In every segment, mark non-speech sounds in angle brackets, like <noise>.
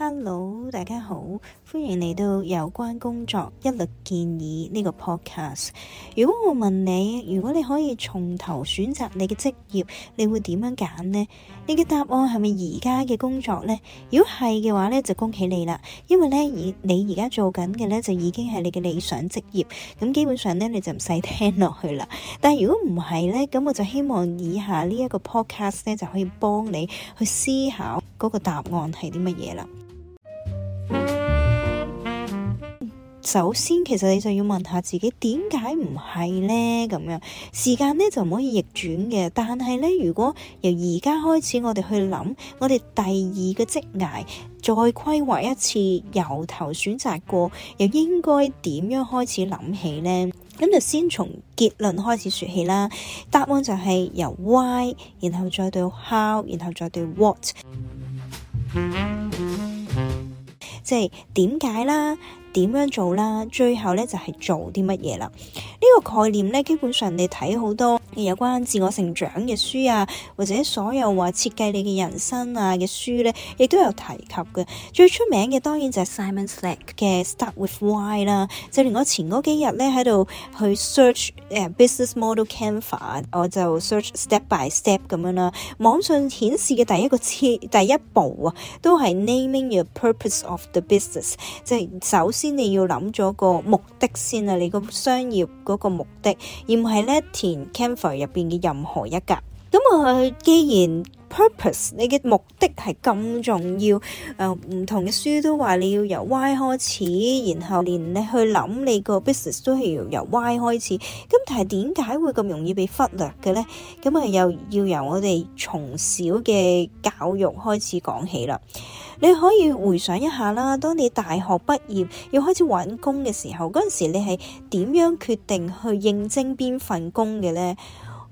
Hello，大家好，歡迎嚟到有關工作，一律建議呢個 podcast。如果我問你，如果你可以從頭選擇你嘅職業，你會點樣揀呢？你嘅答案係咪而家嘅工作呢？如果係嘅話呢，就恭喜你啦，因為呢，以你而家做緊嘅呢，就已經係你嘅理想職業。咁基本上呢，你就唔使聽落去啦。但係如果唔係呢，咁我就希望以下呢一個 podcast 呢，就可以幫你去思考嗰個答案係啲乜嘢啦。首先，其實你就要問下自己，點解唔係呢？咁樣時間呢，就唔可以逆轉嘅。但係呢，如果由而家開始我，我哋去諗，我哋第二個職涯再規劃一次，由頭選擇過，又應該點樣開始諗起呢？咁就先從結論開始說起啦。答案就係由 why，然後再到 how，然後再到 what。即係點解啦？點樣做啦？最後咧就係做啲乜嘢啦？呢、這個概念咧，基本上你睇好多有關自我成長嘅書啊，或者所有話設計你嘅人生啊嘅書咧，亦都有提及嘅。最出名嘅當然就係 Simon Sinek 嘅 Start with Why 啦。就連我前嗰幾日咧喺度去 search 誒 business model canvas，我就 search step by step 咁樣啦。網上顯示嘅第一個第一步啊，都係 Naming your purpose of the business，即係走。先你要諗咗個目的先啊，你個商業嗰個目的，而唔係咧填 canvas 入邊嘅任何一格。咁我既然 purpose 你嘅目的係咁重要，誒、呃、唔同嘅書都話你要由 Y 開始，然後連去你去諗你個 business 都係要由 Y 開始。咁但係點解會咁容易被忽略嘅咧？咁啊又要由我哋從小嘅教育開始講起啦。你可以回想一下啦，當你大學畢業要開始揾工嘅時候，嗰陣時你係點樣決定去應徵邊份工嘅咧？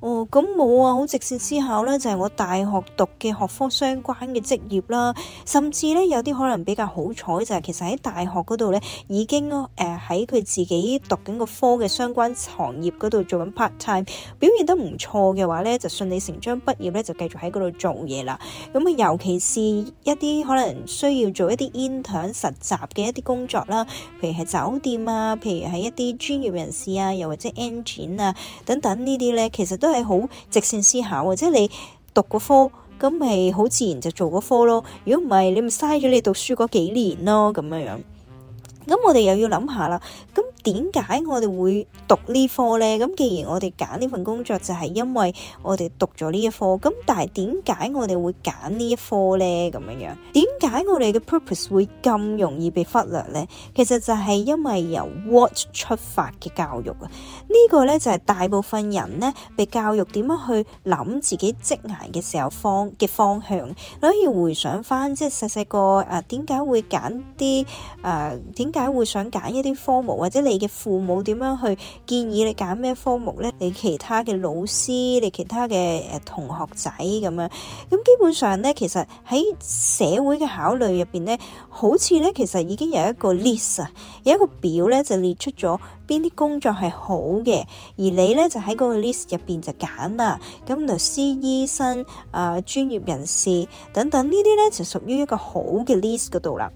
哦，咁冇啊，好直接思考咧，就係我大學讀嘅學科相關嘅職業啦，甚至咧有啲可能比較好彩就係，其實喺大學度咧已經誒喺佢自己讀緊個科嘅相關行業度做緊 part time，表現得唔錯嘅話咧，就順理成章畢業咧就繼續喺度做嘢啦。咁、嗯、啊，尤其是一啲可能需要做一啲 intern 實習嘅一啲工作啦，譬如係酒店啊，譬如係一啲專業人士啊，又或者 engine 啊等等呢啲咧，其實都係。係好直線思考，或者你讀個科，咁咪好自然就做嗰科咯。如果唔係，你咪嘥咗你讀書嗰幾年咯。咁樣樣，咁我哋又要諗下啦。咁。 <noise> 點解我哋會讀呢科咧？咁既然我哋揀呢份工作就係因為我哋讀咗呢一科，咁但係點解我哋會揀呢一科咧？咁樣樣，點解我哋嘅 purpose 會咁容易被忽略咧？其實就係因為由 what 出發嘅教育啊，呢、這個咧就係大部分人咧被教育點樣去諗自己職涯嘅時候方嘅方向，你可以回想返，即係細細個啊，點解會揀啲誒，點解會想揀一啲科目或者你。你嘅父母點樣去建議你揀咩科目呢？你其他嘅老師，你其他嘅、呃、同學仔咁樣，咁基本上呢，其實喺社會嘅考慮入邊呢，好似呢，其實已經有一個 list 啊，有一個表呢，就列出咗邊啲工作係好嘅，而你呢，就喺嗰個 list 入邊就揀啦。咁律師、醫生啊、呃、專業人士等等呢啲呢，就屬於一個好嘅 list 嗰度啦。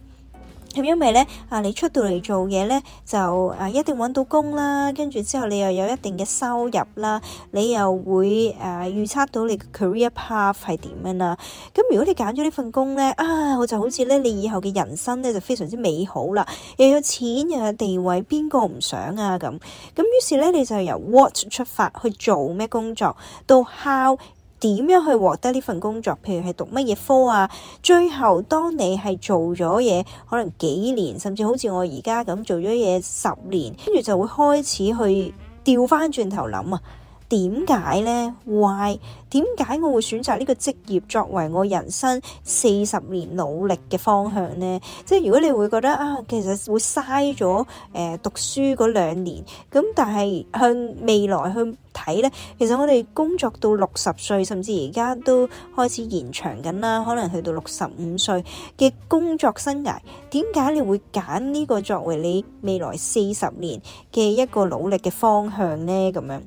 咁因為咧啊，你出到嚟做嘢咧就啊一定揾到工啦，跟住之後你又有一定嘅收入啦，你又會誒預測到你嘅 career path 係點樣啦。咁如果你揀咗呢份工咧啊，我就好似咧你以後嘅人生咧就非常之美好啦，又有錢又有地位，邊個唔想啊？咁咁於是咧你就由 what 出發去做咩工作，到 how。點樣去獲得呢份工作？譬如係讀乜嘢科啊？最後當你係做咗嘢，可能幾年，甚至好似我而家咁做咗嘢十年，跟住就會開始去調翻轉頭諗啊！點解呢？Why？點解我會選擇呢個職業作為我人生四十年努力嘅方向呢？即係如果你會覺得啊，其實會嘥咗誒讀書嗰兩年咁，但係向未來去睇呢？其實我哋工作到六十歲，甚至而家都開始延長緊啦，可能去到六十五歲嘅工作生涯。點解你會揀呢個作為你未來四十年嘅一個努力嘅方向呢？咁樣。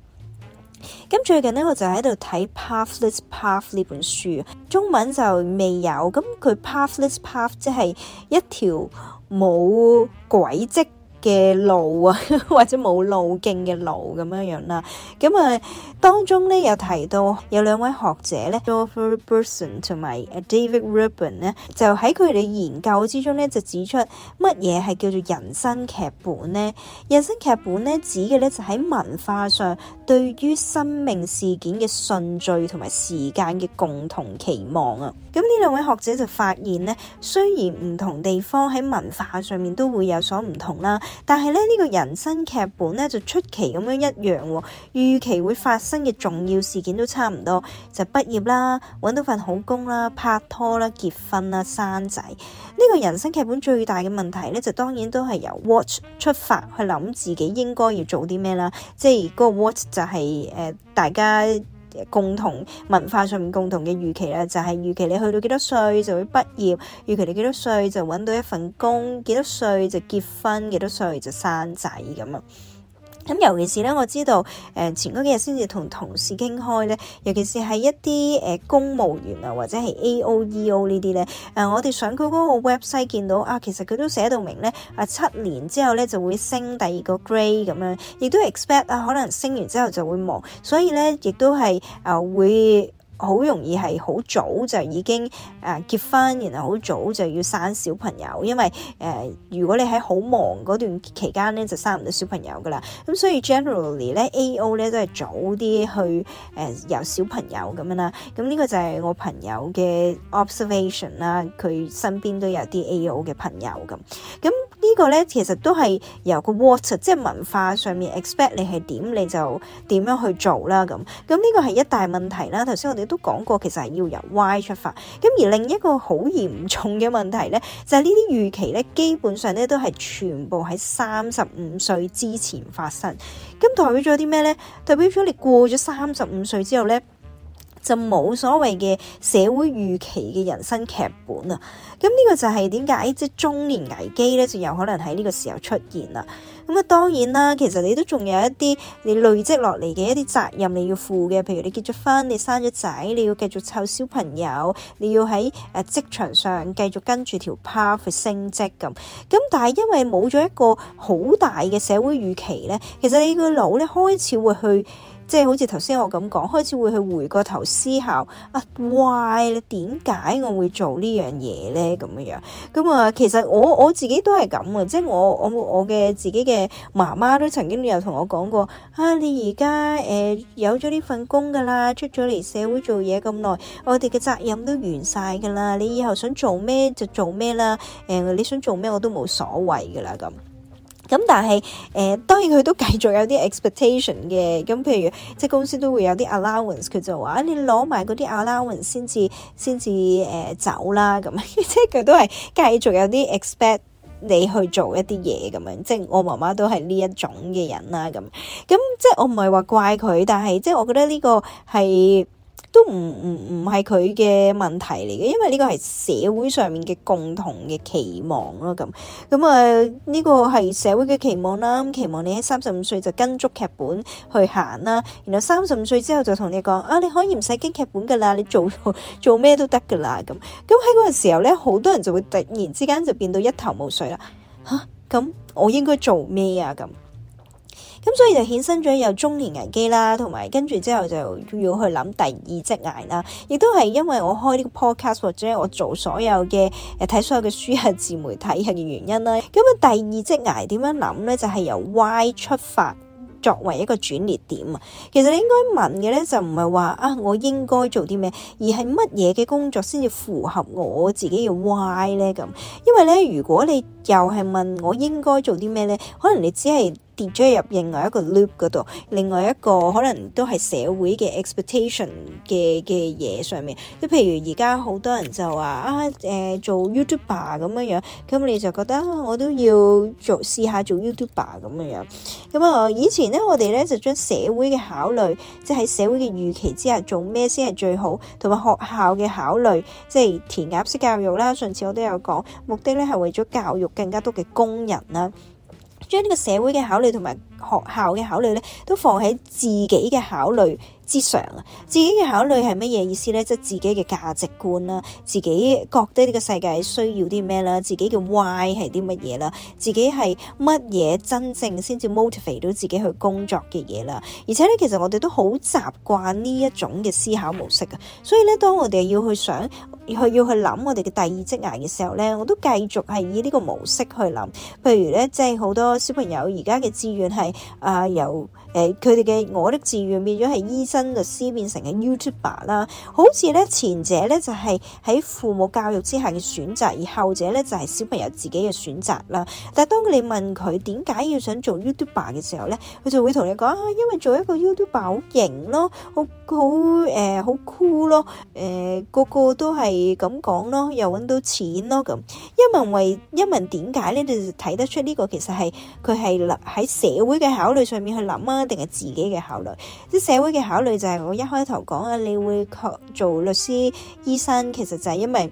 咁最近咧，我就喺度睇《Pathless Path》呢本書，中文就未有。咁佢 Pathless Path 即係一條冇軌跡嘅路啊，或者冇路徑嘅路咁樣樣啦。咁、嗯、啊，當中咧又提到有兩位學者咧 Dorthe Berntsen 同埋 David Rubin 咧，就喺佢哋研究之中咧，就指出乜嘢係叫做人生劇本咧？人生劇本咧指嘅咧就喺文化上對於生命事件嘅順序同埋時間嘅共同期望啊。咁呢兩位學者就發現咧，雖然唔同地方喺文化上面都會有所唔同啦。但係咧呢個人生劇本咧就出奇咁樣一樣喎，預期會發生嘅重要事件都差唔多，就畢業啦，揾到份好工啦，拍拖啦，結婚啦，生仔。呢個人生劇本最大嘅問題咧就當然都係由 what 出發去諗自己應該要做啲咩啦，即係嗰個 what 就係、誒、大家，共同文化上面共同嘅預期咧，就係預期你去到幾多歲就會畢業，預期你幾多歲就揾到一份工，幾多歲就結婚，幾多歲就生仔咁啊！咁尤其是咧，我知道誒前嗰幾日先至同同事傾開咧，尤其是係一啲誒公務員啊，或者係 A O E O 呢啲咧，誒我哋上佢嗰個 website 見到啊，其實佢都寫到明咧，啊七年之後咧就會升第二個 grade 咁樣，亦都 expect 啊可能升完之後就會忙，所以咧亦都係誒、啊、會。好容易係好早就已經誒結婚，然後好早就要生小朋友，因為誒、呃、如果你喺好忙嗰段期間咧，就生唔到小、嗯呃、小朋友噶啦。咁所以 generally 咧，A.O. 咧都係早啲去誒有小朋友咁樣啦。咁、這、呢個就係我朋友嘅 observation 啦，佢身邊都有啲 A.O. 嘅朋友咁。咁、嗯這個、呢個咧其實都係由個 water 即係文化上面 expect 你係點你就點樣去做啦咁。咁呢、嗯這個係一大問題啦。頭先我哋。亦都講過，其實係要由 Y 出發。咁而另一個好嚴重嘅問題呢，就係呢啲預期呢，基本上呢都係全部喺三十五歲之前發生。咁代表咗啲咩呢？代表咗你過咗三十五歲之後呢。就冇所謂嘅社會預期嘅人生劇本啊！咁呢個就係點解即係中年危機咧，就有可能喺呢個時候出現啦。咁啊，當然啦，其實你都仲有一啲你累積落嚟嘅一啲責任你要負嘅，譬如你結咗婚，你生咗仔，你要繼續湊小朋友，你要喺誒職場上繼續跟住條 path 升職咁。咁但係因為冇咗一個好大嘅社會預期咧，其實你個腦咧開始會去。即係好似頭先我咁講，開始會去回過頭思考啊，why 你點解我會做呢樣嘢咧咁樣？咁啊，其實我我自己都係咁啊，即係我我我嘅自己嘅媽媽都曾經有同我講過啊，你而家誒有咗呢份工㗎啦，出咗嚟社會做嘢咁耐，我哋嘅責任都完晒㗎啦，你以後想做咩就做咩啦，誒、呃、你想做咩我都冇所謂㗎啦咁。咁但係，誒、呃，當然佢都繼續有啲 expectation 嘅。咁譬如，即係公司都會有啲 allowance，佢就話，你攞埋嗰啲 allowance 先至，先至，誒，走啦。咁即係佢都係繼續有啲 expect 你去做一啲嘢咁樣。即係我媽媽都係呢一種嘅人啦。咁，咁即係我唔係話怪佢，但係即係我覺得呢個係。都唔唔唔係佢嘅問題嚟嘅，因為呢個係社會上面嘅共同嘅期望咯，咁咁啊呢個係社會嘅期望啦，期望你喺三十五歲就跟足劇本去行啦，然後三十五歲之後就同你講啊，你可以唔使跟劇本噶啦，你做做咩都得噶啦，咁咁喺嗰陣時候咧，好多人就會突然之間就變到一頭霧水啦，嚇、啊、咁我應該做咩啊咁？咁所以就衍生咗有中年危機啦，同埋跟住之後就要去諗第二職涯啦。亦都係因為我開呢個 podcast 或者我做所有嘅誒睇所有嘅書啊、自媒體啊嘅原因啦。咁啊，第二職涯點樣諗呢？就係、是、由 why 出發，作為一個轉捩點啊。其實你應該問嘅呢，就唔係話啊，我應該做啲咩，而係乜嘢嘅工作先至符合我自己嘅 why 呢。咁。因為呢，如果你又係問我應該做啲咩呢？可能你只係。跌咗入另外一個 loop 嗰度，另外一個可能都係社會嘅 expectation 嘅嘅嘢上面，即譬如而家好多人就話啊，誒、呃、做 YouTuber 咁樣樣，咁我哋就覺得我都要做試下做 YouTuber 咁樣樣，咁啊以前咧我哋咧就將社會嘅考慮，即係喺社會嘅預期之下做咩先係最好，同埋學校嘅考慮，即係填鴨式教育啦。上次我都有講，目的咧係為咗教育更加多嘅工人啦。將呢個社會嘅考慮同埋學校嘅考慮咧，都放喺自己嘅考慮。之常啊，自己嘅考慮係乜嘢意思呢？即係自己嘅價值觀啦，自己覺得呢個世界需要啲咩啦，自己嘅 why 係啲乜嘢啦，自己係乜嘢真正先至 motivate 到自己去工作嘅嘢啦。而且呢，其實我哋都好習慣呢一種嘅思考模式嘅，所以呢，當我哋要去想去要去諗我哋嘅第二職涯嘅時候呢，我都繼續係以呢個模式去諗。譬如呢，即係好多小朋友而家嘅志願係啊由。誒佢哋嘅我的志願變咗係醫生、律師，變成嘅 YouTuber 啦，好似咧前者咧就係喺父母教育之下嘅選擇，而後者咧就係小朋友自己嘅選擇啦。但係當你問佢點解要想做 YouTuber 嘅時候咧，佢就會同你講啊，因為做一個 YouTuber 好型咯，好好誒好 cool 咯、呃，誒個個都係咁講咯，又揾到錢咯咁。一問為一問點解咧，你就睇得出呢個其實係佢係喺社會嘅考慮上面去諗啊。一定係自己嘅考慮，即社會嘅考慮就係我一開頭講啊，你會做律師、醫生，其實就係因為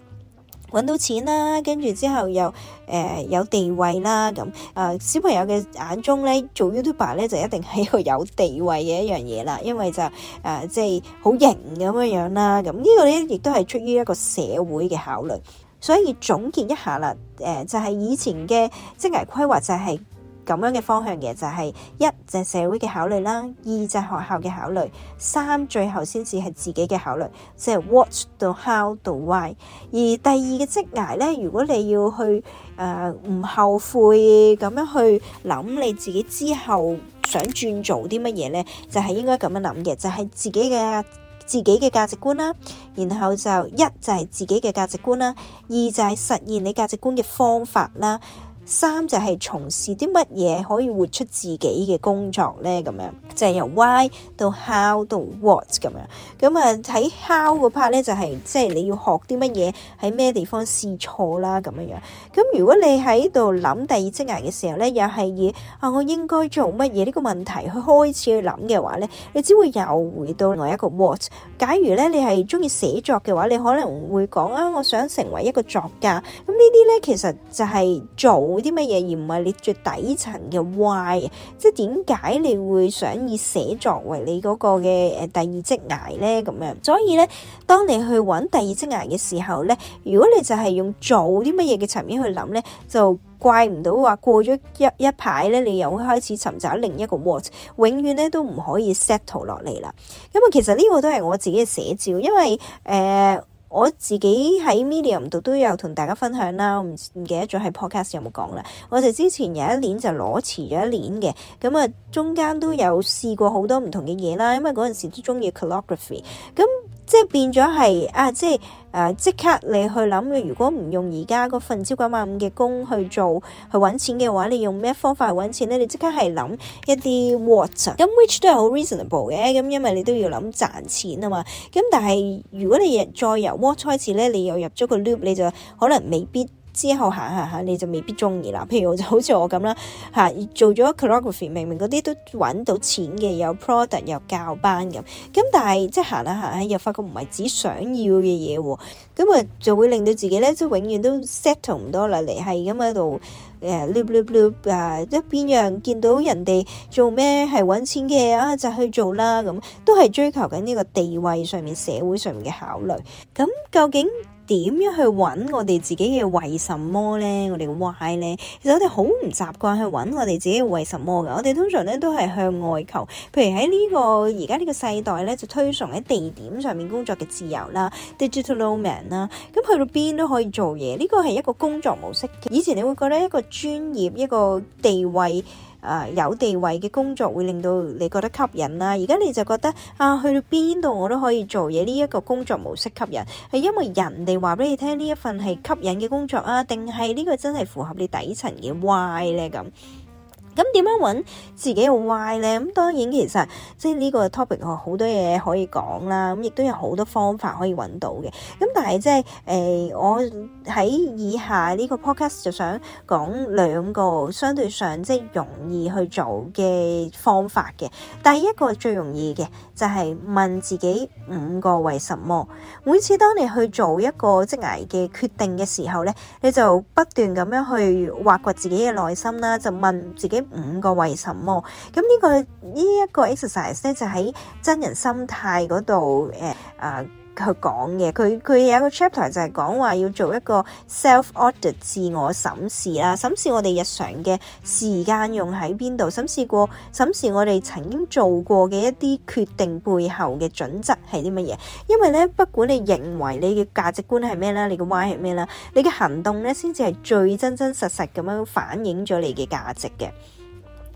搵到錢啦，跟住之後又誒、呃、有地位啦，咁、嗯、啊、呃、小朋友嘅眼中咧做 YouTuber 咧就一定係一個有地位嘅一樣嘢啦，因為就誒即係好型咁樣樣啦，咁、嗯這個、呢個咧亦都係出於一個社會嘅考慮，所以總結一下啦，誒、呃、就係、是、以前嘅職業規劃就係、是。咁樣嘅方向嘅就係、是、一就係、是、社會嘅考慮啦，二就係、是、學校嘅考慮，三最後先至係自己嘅考慮，即、就、係、是、what 到 how 到 why。而第二嘅職涯呢，如果你要去誒唔、呃、後悔咁樣去諗你自己之後想轉做啲乜嘢呢，就係、是、應該咁樣諗嘅，就係、是、自己嘅自己嘅價值觀啦。然後就一就係、是、自己嘅價值觀啦，二就係、是、實現你價值觀嘅方法啦。三就係、是、從事啲乜嘢可以活出自己嘅工作呢？咁樣就係、是、由 why 到 how 到 what 咁樣。咁啊睇 how 嗰 part 咧，就係即係你要學啲乜嘢，喺咩地方試錯啦咁樣。咁、嗯、如果你喺度諗第二職涯嘅時候咧，又係以啊我應該做乜嘢呢個問題去開始去諗嘅話咧，你只會又回到另外一個 what。假如咧你係中意寫作嘅話，你可能會講啊，我想成為一個作家。咁、嗯、呢啲咧其實就係做。冇啲乜嘢，而唔係你最底層嘅 why 即係點解你會想以寫作為你嗰個嘅誒第二職涯呢？咁樣？所以呢，當你去揾第二職涯嘅時候呢，如果你就係用做啲乜嘢嘅層面去諗呢，就怪唔到話過咗一一排呢，你又會開始尋找另一個 what，永遠呢都唔可以 settle 落嚟啦。咁、嗯、啊，其實呢個都係我自己嘅寫照，因為誒。呃我自己喺 Medium 度都有同大家分享啦，我唔唔記得咗喺 Podcast 有冇講啦。我哋之前有一年就裸辭咗一年嘅，咁啊，中間都有試過好多唔同嘅嘢啦，因為嗰陣時都鍾意 calligraphy 咁。即係變咗係啊！即係誒，即刻你去諗，如果唔用而家嗰份朝九晚五嘅工去做去揾錢嘅話，你用咩方法去揾錢咧？你即刻係諗一啲 what 咁，which 都係好 reasonable 嘅咁，因為你都要諗賺錢啊嘛。咁但係如果你再由 what 開始咧，你又入咗個 loop，你就可能未必。之後行行下你就未必中意啦。譬如我就好似我咁啦，嚇做咗 calligraphy 明明嗰啲都揾到錢嘅，有 product 又教班咁。咁但係即係行下行下又發覺唔係自己想要嘅嘢喎。咁啊就，就會令到自己咧即係永遠都 settle 唔到啦，嚟係咁喺度誒 loop loop loop 啊，即係邊樣見到人哋做咩係揾錢嘅啊就去做啦咁，都係追求緊呢個地位上面、社會上面嘅考慮。咁究竟，點樣去揾我哋自己嘅為什麼呢？我哋嘅 why 呢？其實我哋好唔習慣去揾我哋自己為什麼嘅。我哋通常呢都係向外求。譬如喺呢個而家呢個世代呢，就推崇喺地點上面工作嘅自由啦，digital nomad 啦，咁去到邊都可以做嘢。呢個係一個工作模式。以前你會覺得一個專業一個地位。啊！有地位嘅工作會令到你覺得吸引啦、啊。而家你就覺得啊，去到邊度我都可以做嘢，呢一個工作模式吸引，係因為人哋話俾你聽呢一份係吸引嘅工作啊，定係呢個真係符合你底層嘅 why 咧咁？咁點樣揾自己嘅 why 咧？咁當然其實即係呢個 topic 好多嘢可以講啦，咁亦都有好多方法可以揾到嘅。咁但係即係誒，我喺以下呢個 podcast 就想講兩個相對上即係容易去做嘅方法嘅。第一個最容易嘅就係、是、問自己五個為什麼。每次當你去做一個職涯嘅決定嘅時候咧，你就不斷咁樣去挖掘自己嘅內心啦，就問自己。五個為什麼？咁、這個這個、呢個呢一個 exercise 咧，就喺真人心態嗰度誒啊！呃呃佢講嘅佢佢有一個 chapter 就係講話要做一個 self audit 自我審視啦，審視我哋日常嘅時間用喺邊度，審視過審視我哋曾經做過嘅一啲決定背後嘅準則係啲乜嘢。因為呢，不管你認為你嘅價值觀係咩啦，你嘅 why 係咩啦，你嘅行動呢先至係最真真實實咁樣反映咗你嘅價值嘅。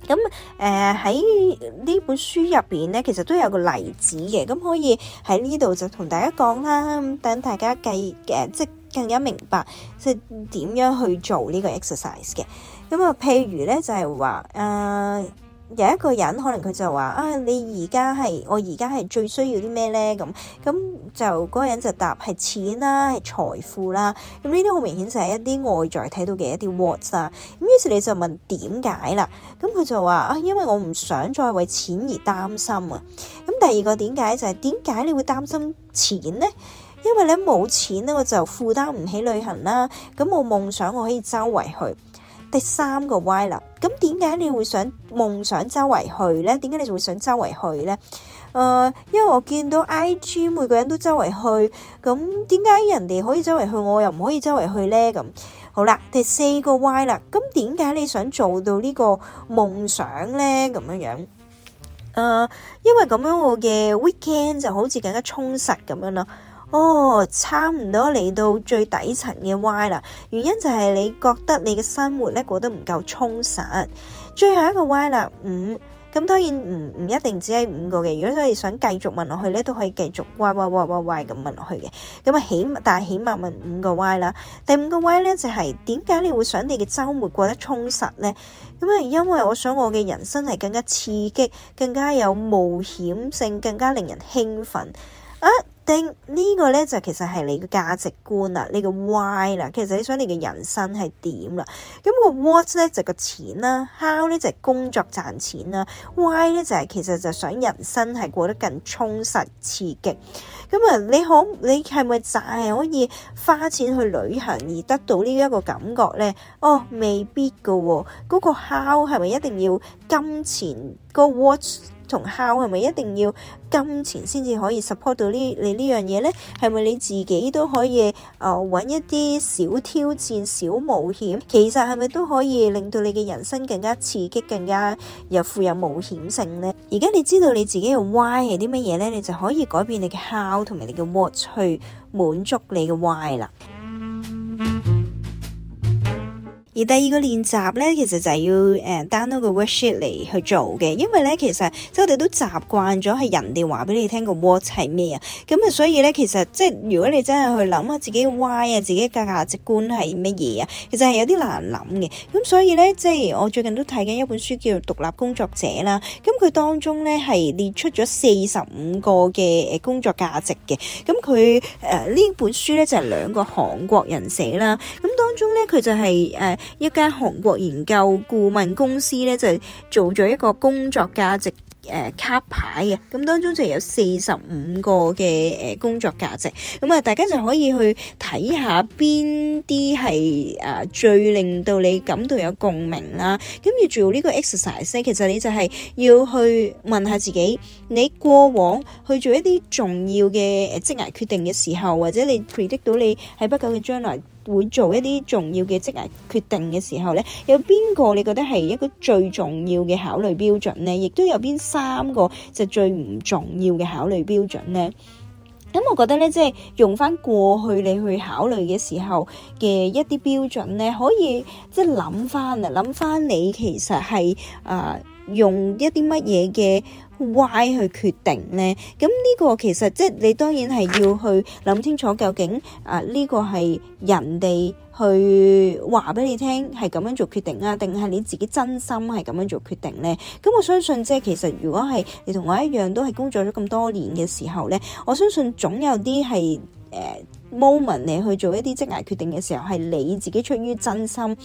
咁誒喺呢本書入邊咧，其實都有個例子嘅，咁可以喺呢度就同大家講啦，咁等大家計嘅、呃，即係更加明白即點、就係、樣去做呢個 exercise 嘅。咁、嗯、啊、呃，譬如咧就係話誒。呃有一個人可能佢就話啊，你而家係我而家係最需要啲咩咧？咁咁就嗰、嗰個人就答係錢啦，係財富啦。咁呢啲好明顯就係一啲外在睇到嘅一啲 words 啊。咁於是你就問點解啦？咁、啊、佢就話啊，因為我唔想再為錢而擔心啊。咁第二個點解就係點解你會擔心錢咧？因為咧冇錢咧，我就負擔唔起旅行啦。咁我夢想我可以周圍去。第三個 why 啦，咁點解你會想夢想周圍去咧？點解你會想周圍去咧？誒、呃，因為我見到 IG 每個人都周圍去，咁點解人哋可以周圍去，我又唔可以周圍去咧？咁好啦，第四個 why 啦，咁點解你想做到個夢想呢個夢想咧？咁樣樣，誒、呃，因為咁樣我嘅 weekend 就好似更加充實咁樣囉。哦，差唔多嚟到最底層嘅 Y 啦。原因就係你覺得你嘅生活咧過得唔夠充實。最後一個 Y 啦，五咁當然唔唔一定只係五個嘅。如果你想繼續問落去咧，都可以繼續 Y Y Y Y Y 咁問落去嘅。咁啊，起但係起碼問五個 Y 啦。第五個 Y 咧就係點解你會想你嘅周末過得充實咧？咁啊，因為我想我嘅人生係更加刺激，更加有冒險性，更加令人興奮啊！呢個呢就其實係你嘅價值觀啦，你嘅 why 啦，其實你想你嘅人生係點啦？咁個 what 咧，就係個錢啦，how 咧，就係工作賺錢啦，why 咧，就係其實就想人生係過得更充實刺激。咁啊，你可你係咪就係可以花錢去旅行而得到呢一個感覺呢？哦，未必噶喎，嗰個 how 係咪一定要金錢？個 what？同 how 係咪一定要金錢先至可以 support 到呢？你呢樣嘢呢？係咪你自己都可以誒揾、呃、一啲小挑戰、小冒險？其實係咪都可以令到你嘅人生更加刺激、更加又富有冒險性呢？而家你知道你自己嘅 why 係啲乜嘢呢？你就可以改變你嘅 how 同埋你嘅 what 去滿足你嘅 why 啦。而第二個練習咧，其實就係要誒 download 個 worksheet 嚟去做嘅，因為咧其實即係我哋都習慣咗係人哋話俾你聽個 what 係咩啊，咁啊所以咧其實即係如果你真係去諗下自己 why 啊，自己嘅價值觀係乜嘢啊，其實係有啲難諗嘅。咁所以咧即係我最近都睇緊一本書叫做《獨立工作者》啦，咁佢當中咧係列出咗四十五個嘅誒工作價值嘅，咁佢誒呢本書咧就係、是、兩個韓國人寫啦，咁當中咧佢就係、是、誒。呃一間韓國研究顧問公司咧就做咗一個工作價值誒、呃、卡牌嘅，咁當中就有四十五個嘅誒工作價值，咁啊大家就可以去睇下邊啲係啊最令到你感到有共鳴啦。咁要做呢個 exercise 咧，其實你就係要去問下自己，你過往去做一啲重要嘅誒職涯決定嘅時候，或者你 predict 到你喺不久嘅將來，會做一啲重要嘅職涯決定嘅時候咧，有邊個你覺得係一個最重要嘅考慮標準咧？亦都有邊三個就最唔重要嘅考慮標準咧？咁我覺得咧，即係用翻過去你去考慮嘅時候嘅一啲標準咧，可以即係諗翻嚟，諗翻你其實係啊、呃、用一啲乜嘢嘅。Why 去決定呢？咁呢個其實即係、就是、你當然係要去諗清楚究竟啊呢、呃呢個係人哋去話俾你聽係咁樣做決定啊，定係你自己真心係咁樣做決定呢？咁我相信即係其實如果係你同我一樣都係工作咗咁多年嘅時候呢，我相信總有啲係誒 moment 你去做一啲職涯決定嘅時候，係你自己出於真心。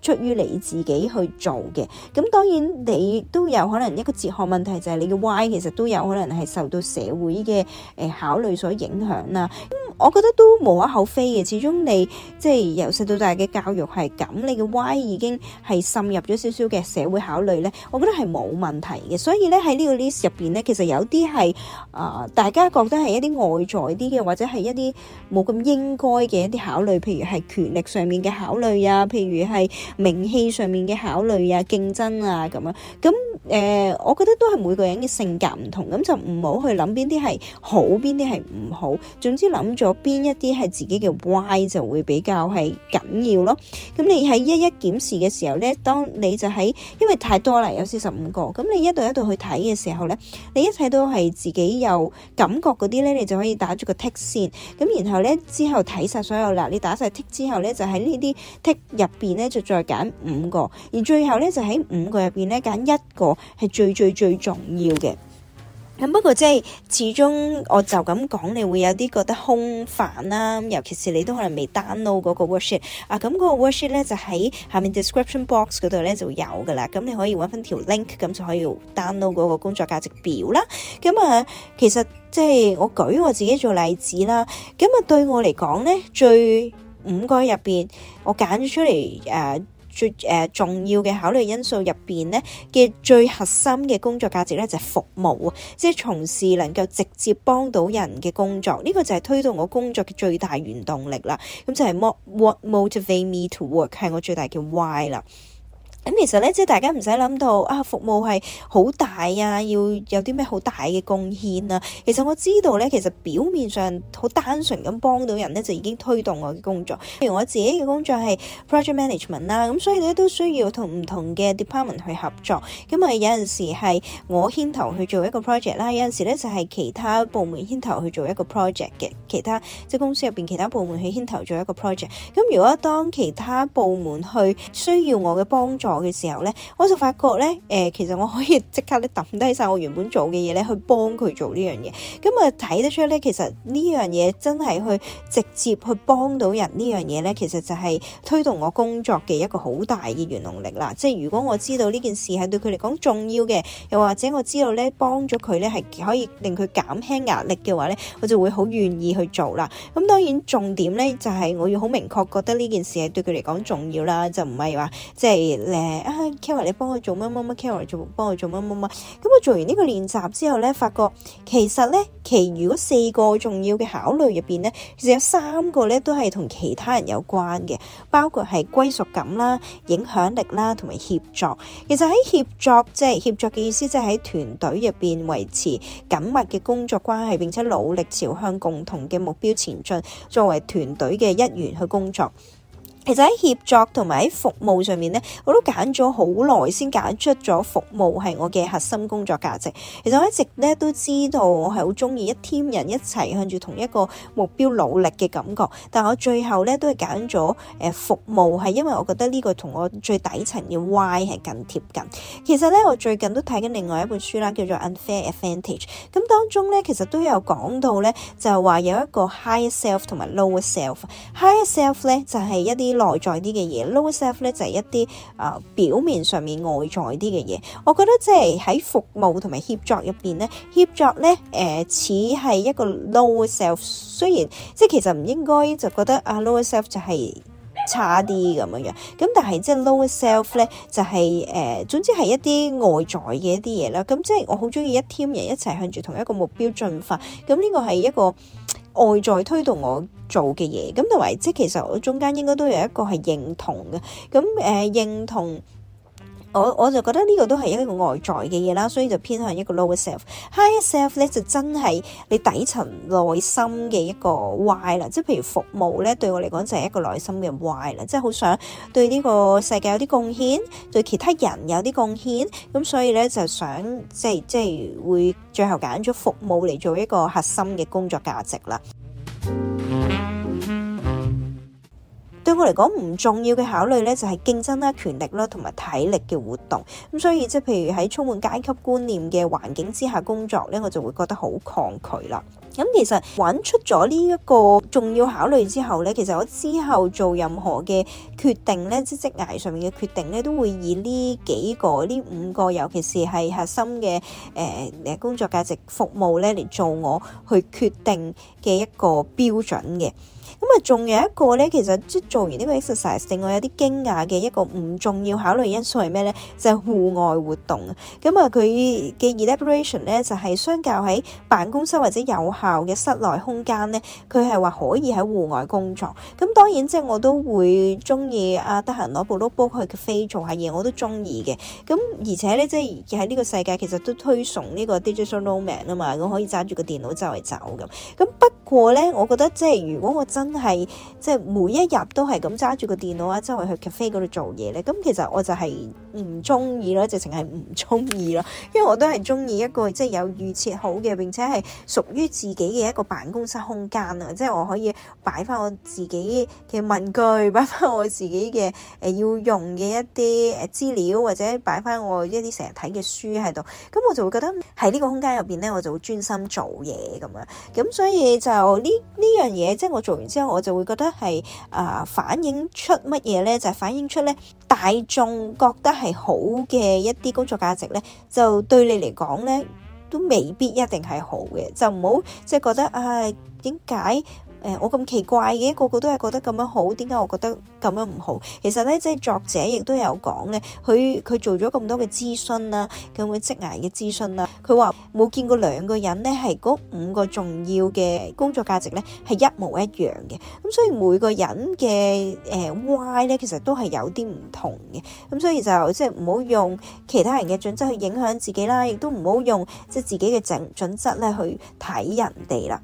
出於你自己去做嘅，咁當然你都有可能一個哲學問題就係你嘅 Y 其實都有可能係受到社會嘅誒、呃、考慮所影響啦。咁我覺得都無可厚非嘅，始終你即係由細到大嘅教育係咁，你嘅 Y 已經係滲入咗少少嘅社會考慮咧。我覺得係冇問題嘅，所以咧喺呢個 list 入邊咧，其實有啲係啊，大家覺得係一啲外在啲嘅，或者係一啲冇咁應該嘅一啲考慮，譬如係權力上面嘅考慮啊，譬如係。名氣上面嘅考慮啊、競爭啊咁啊，咁誒、呃，我覺得都係每個人嘅性格唔同，咁就唔好去諗邊啲係好，邊啲係唔好。總之諗咗邊一啲係自己嘅 why 就會比較係緊要咯。咁你喺一一檢視嘅時候咧，當你就喺因為太多啦，有四十五個，咁你一度一度去睇嘅時候咧，你一切都係自己有感覺嗰啲咧，你就可以打住個剔線。咁然後咧，之後睇晒所有啦，你打晒剔之後咧，就喺呢啲剔入邊咧，就再。再揀五個，而最後咧就喺五個入邊咧揀一個係最最最重要嘅。咁不過即係始終，我就咁講，你會有啲覺得空泛啦啊。尤其是你都可能未 download 嗰個 worksheet 啊，咁嗰個 worksheet 咧就喺下面 description box 嗰度咧就有噶啦。咁你可以搵翻條 link，咁就可以 download 嗰個工作價值表啦。咁啊，其實即係我舉我自己做例子啦。咁啊，對我嚟講咧最五個入邊，我揀出嚟，誒、啊、最誒、啊、重要嘅考慮因素入邊咧嘅最核心嘅工作價值咧就係服務啊，即係從事能夠直接幫到人嘅工作，呢、這個就係推動我工作嘅最大原動力啦。咁就係 what motivate me to work 係我最大嘅 why 啦。咁其實咧，即係大家唔使諗到啊，服務係好大啊要有啲咩好大嘅貢獻啊。其實我知道咧，其實表面上好單純咁幫到人咧，就已經推動我嘅工作。譬如我自己嘅工作係 project management 啦，咁所以咧都需要同唔同嘅 department 去合作。咁啊，有陣時係我牽頭去做一個 project 啦，有陣時咧就係、是、其他部門牽頭去做一個 project 嘅，其他即係、就是、公司入邊其他部門去牽頭做一個 project。咁如果當其他部門去需要我嘅幫助，嘅時候咧，我就發覺咧，誒、呃，其實我可以即刻咧揼低晒我原本做嘅嘢咧，去幫佢做呢樣嘢。咁啊，睇得出咧，其實呢樣嘢真係去直接去幫到人呢樣嘢咧，其實就係推動我工作嘅一個好大嘅原動力啦。即係如果我知道呢件事係對佢嚟講重要嘅，又或者我知道咧幫咗佢咧係可以令佢減輕壓力嘅話咧，我就會好願意去做啦。咁當然重點咧就係、是、我要好明確覺得呢件事係對佢嚟講重要啦，就唔係話即係。就是誒，啊，Carrie，你幫我做乜乜乜？Carrie，做幫我做乜乜乜？咁我做完呢個練習之後咧，發覺其實咧，其如果其餘四個重要嘅考慮入邊咧，其實有三個咧都係同其他人有關嘅，包括係歸屬感啦、影響力啦，同埋協作。其實喺協作，即係協作嘅意思，即係喺團隊入邊維持緊密嘅工作關係，並且努力朝向共同嘅目標前進，作為團隊嘅一員去工作。其實喺協作同埋喺服務上面咧，我都揀咗好耐先揀出咗服務係我嘅核心工作價值。其實我一直咧都知道我係好中意一 team 人一齊向住同一個目標努力嘅感覺，但我最後咧都係揀咗誒服務，係因為我覺得呢個同我最底層嘅 why 係更貼近。其實咧我最近都睇緊另外一本書啦，叫做《Unfair Advantage》。咁當中咧其實都有講到咧，就係話有一個 higher self 同埋 lower self。higher self 咧就係一啲。內在啲嘅嘢，lower self 咧就係一啲啊，表面上面外在啲嘅嘢。我覺得即係喺服務同埋協作入邊咧，協作咧誒似係一個 lower self。雖然即係、就是、其實唔應該就覺得啊 lower self 就係差啲咁樣樣。咁但係即係 lower self 咧就係、是、誒、呃，總之係一啲外在嘅一啲嘢啦。咁即係我好中意一 team 人一齊向住同一個目標進發。咁呢個係一個。外在推動我做嘅嘢，咁同埋即係其實我中間應該都有一個係認同嘅，咁誒、認同。我我就覺得呢個都係一個外在嘅嘢啦，所以就偏向一個 lower self high self 咧，就真係你底層內心嘅一個 why 啦，即係譬如服務咧，對我嚟講就係一個內心嘅 why 啦，即係好想對呢個世界有啲貢獻，對其他人有啲貢獻，咁所以咧就想即係即係會最後揀咗服務嚟做一個核心嘅工作價值啦。 <music> 對我嚟講唔重要嘅考慮咧，就係競爭啦、權力啦同埋體力嘅活動。咁所以即係譬如喺充滿階級觀念嘅環境之下工作咧，我就會覺得好抗拒啦。咁其實揾出咗呢一個重要考慮之後咧，其實我之後做任何嘅決定咧，即職涯上面嘅決定咧，都會以呢幾個、呢五個，尤其是係核心嘅誒工作價值服務咧嚟做我去決定嘅一個標準嘅。咁啊，仲有一個咧，其實即係做完呢個 exercise，令我有啲驚訝嘅一個唔重要考慮因素係咩咧？就係戶外活動啊，咁啊，佢嘅 elaboration 咧就係相較喺辦公室或者有效嘅室內空間咧，佢係話可以喺戶外工作。咁當然即係我都會中意啊，得閒攞部 notebook 碌波去飛做下嘢，我都中意嘅。咁而且咧，即係而家喺呢個世界其實都推崇呢個 digital nomad 啊嘛，咁可以揸住個電腦周圍走咁。咁不過咧，我覺得即係如果我。真係即係每一日都係咁揸住個電腦啊，周圍去 cafe 度做嘢咧。咁其實我就係唔中意咯，直情係唔中意咯。因為我都係中意一個即係有預設好嘅，並且係屬於自己嘅一個辦公室空間啊。即係我可以擺翻我自己嘅文具，擺翻我自己嘅誒、呃、要用嘅一啲誒資料，或者擺翻我一啲成日睇嘅書喺度。咁我就會覺得喺呢個空間入邊咧，我就會專心做嘢咁樣。咁所以就呢呢樣嘢，即係我做完。之後我就會覺得係啊、呃，反映出乜嘢呢？就係、是、反映出咧，大眾覺得係好嘅一啲工作價值呢，就對你嚟講呢，都未必一定係好嘅。就唔好即係覺得，唉、啊，點解？誒、呃、我咁奇怪嘅，個個都係覺得咁樣好，點解我覺得咁樣唔好？其實咧，即係作者亦都有講咧，佢佢做咗咁多嘅諮詢啦，咁樣職涯嘅諮詢啦，佢話冇見過兩個人咧係嗰五個重要嘅工作價值咧係一模一樣嘅，咁所以每個人嘅誒 why 咧其實都係有啲唔同嘅，咁所以就即係唔好用其他人嘅準則去影響自己啦，亦都唔好用即係自己嘅整準則咧去睇人哋啦。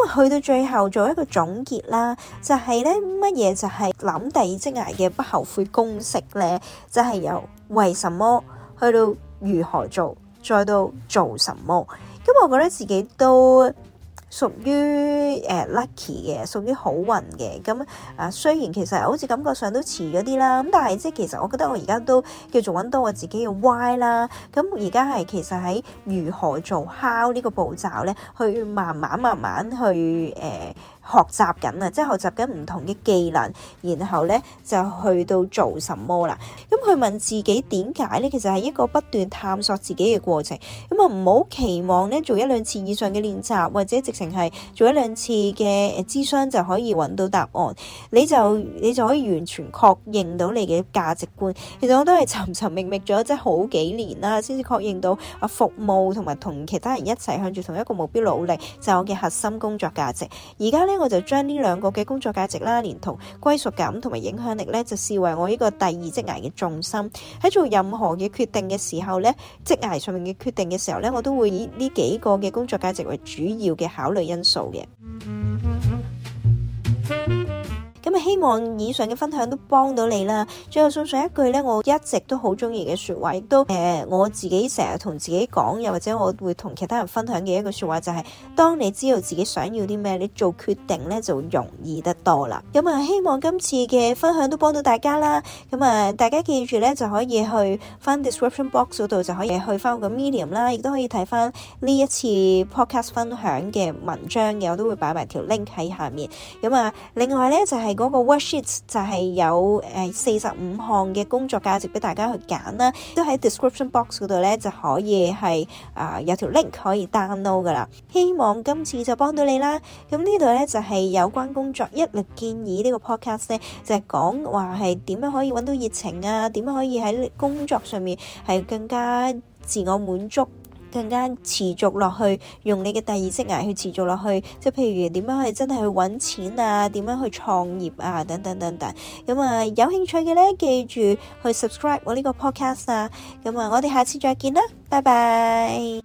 因為去到最後做一個總結啦，就係咧乜嘢，就係諗第二職涯嘅不後悔公式咧，就係由為什麼去到如何做，再到做什麼。咁我覺得自己都。屬於 lucky 嘅，屬於好運嘅。咁啊，雖然其實好似感覺上都遲咗啲啦，咁但係即係其實我覺得我而家都叫做揾到我自己嘅 why 啦。咁而家係其實喺如何做 how 呢個步驟咧，去慢慢慢慢去誒。呃學習緊啊，即係學習緊唔同嘅技能，然後呢就去到做什麼啦？咁佢問自己點解呢？其實係一個不斷探索自己嘅過程。咁啊，唔好期望呢做一兩次以上嘅練習，或者直情係做一兩次嘅諮商就可以揾到答案。你就你就可以完全確認到你嘅價值觀。其實我都係尋尋覓覓咗即係好幾年啦，先至確認到啊服務同埋同其他人一齊向住同一個目標努力就係我嘅核心工作價值。而家呢。我就將呢兩個嘅工作價值啦，連同歸屬感同埋影響力咧，就視為我呢個第二職涯嘅重心。喺做任何嘅決定嘅時候咧，職涯上面嘅決定嘅時候咧，我都會以呢幾個嘅工作價值為主要嘅考慮因素嘅。希望以上嘅分享都幫到你啦。最後送上一句咧，我一直都好中意嘅說話，亦都誒、呃、我自己成日同自己講，又或者我會同其他人分享嘅一個說話，就係、是、當你知道自己想要啲咩，你做決定咧就容易得多啦。咁啊，希望今次嘅分享都幫到大家啦。咁啊，大家記住咧就可以去翻 description box 度，就可以去翻我嘅 medium 啦，亦都可以睇翻呢一次 podcast 分享嘅文章嘅，我都會擺埋條 link 喺下面。咁啊，另外咧就係、是、嗰、那個。worksheet 就係有誒四十五項嘅工作價值俾大家去揀啦，都喺 description box 度咧就可以係啊、呃、有條 link 可以 download 噶啦。希望今次就幫到你啦。咁呢度咧就係、是、有關工作一律建議個呢個 podcast 咧，就係講話係點樣可以揾到熱情啊，點樣可以喺工作上面係更加自我滿足。更加持續落去，用你嘅第二職涯去持續落去，即係譬如點樣去真係去揾錢啊，點樣去創業啊，等等等等。咁啊，有興趣嘅呢，記住去 subscribe 我呢個 podcast 啊。咁啊，我哋下次再見啦，拜拜。